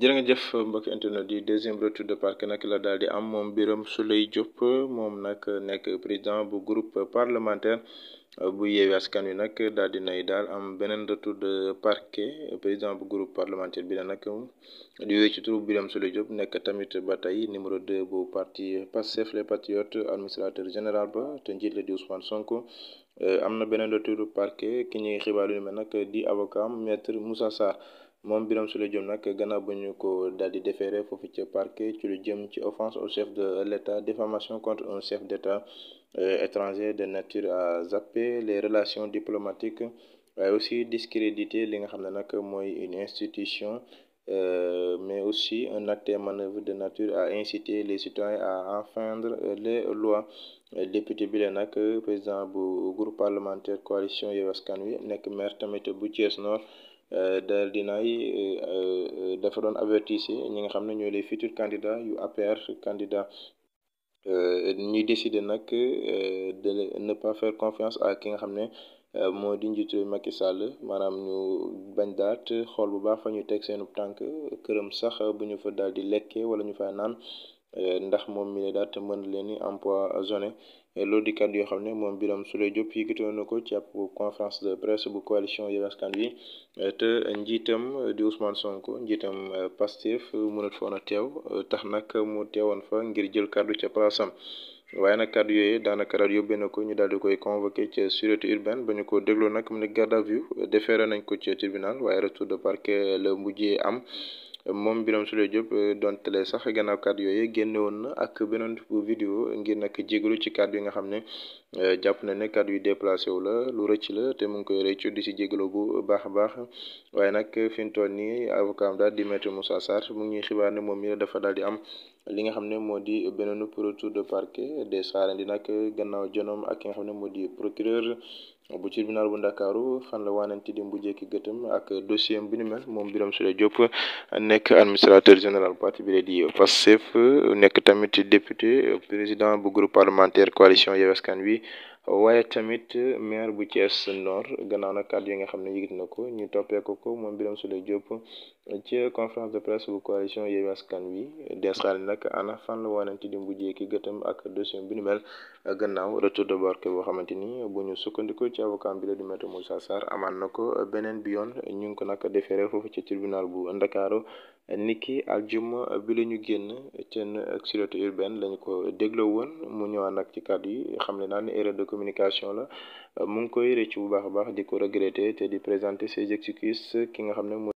jërë nga jëf mbokki internet di deuxième retour de parquet nag la daal di am moom biram Souleye Diop moom nag nekk président bu groupe parlementaire euh, bu Yewwi Askan Wi nag daal di nay daal am beneen retour de parquet président bu groupe parlementaire bi la nag di wéy ci turu Birame Souleye Diop nekk tamit ba tey numéro 2 bu parti Pastef les Patriotes administrateur général ba te njiit la di Ousmane sonk euh, am na beneen retour de parquet ki ñuy xibaar yu mel nag di avocat maître Moussa Sarr moom Birame Souleye Diop nag gannaaw ba ñu ko daal di déféré foofu ca parquet ci lu jëm ci offense au chef de l'État diffamation contre un chef d'État euh, étranger de nature à zapper les relation diplomatiques waaye aussi discréditer li nga xam ne nag mooy une institution euh, mais aussi un acte et de nature à inciter les citoyens à enfreindre les lois député bi la nag président bu groupe parlementaire coalition Yewwi Askan Wi nekk maire tamit bu Thiès Nord Euh, daal dinaay euh, euh, dafa doon avertise ñi nga xam ne ñooy les futurs candidats yu APR candidat ñuy décider nag de ne pas faire confiance à ki nga xam ne moo di njiitu Macky Sall maanaam ñu bañ daat xool bu baax fa ñu teg seenu tànk këram sax bu ñu fa daal di lekkee wala ñu fa naan ndax moom mi ne daat mën leen ni empoisonné loolu di kàddu yoo xam ne moom Birame Souleye Diop yëkkati woon na ko ci ab conférence de presse bu coalition Yewwi Askan Wi te njiitam di Ousmane Sonko njiitam euh, Pastef mënut foon a teew euh, tax nag mu teewoon fa ngir jël kaddu ca palaasam. waaye nag kàddu yooyu daanaka daal yóbbee na ko ñu daal di koy convoqué ca sûreté urbaine ba ñu ko dégloo nag mu ne garde à vue déféré nañ ko ca tribunal waaye retour de parquet la mujjee am. moom Birame Souleye Diop euh, doon télé sax gannaaw kàddu yooyu génne woon na ak beneen vidéo ngir nag jégalu ci kàddu yi nga xam ne euh, jàpp na ne kàddu yu déplacé wu la lu rëcc la te mu ngi koy rëccu di si jégalu bu baax a baax waaye nag fi mu toll nii avocat am daal di maître Moussa Sarr mu ngi xibaar ne moom mi dafa daal di am li nga xam ne moo di beneen retour de parquet des Sarandi nag gannaaw janoom ak ki nga xam ne moo di procureur bu tribunal bu Ndakaaru fan la waananti di bu jekki gëtëm ak dossier bi nu mel moom Birame Souleye Diop nekk administrateur général parti bi di Pastef nekk tamit député président bu groupe parlementaire coalition Yewwi Askan Wi waaye tamit maire bu Thiès Nord gannaaw nag kàddu yi nga xam ne yëgit na ko ñu toppee ko ko moom Birame Souleye Diop ci conférence de presse bu coalition Yewwi Askan Wi des deesxaal nag ana fan la wanante di mbujjee ki gëtam ak dossier bi nu mel gannaaw retour de barke boo xamante ni bu ñu sukkandiku ci avocat bi la di maître Moussa Sarr amaan na ko beneen bi yoon ñu ngi ko nag defeere foofu ci tribunal bu Ndakaaru niki aljuma bi la ñu génn seen Sûreté urbaine lañu ko dégloo woon mu ñëwaan ak ci kàddu yi xam ne naan erreur de communication la mu ngi koy rëcc bu baax a baax di ko regretter te di présenter ses excuses ki nga xam ne mooy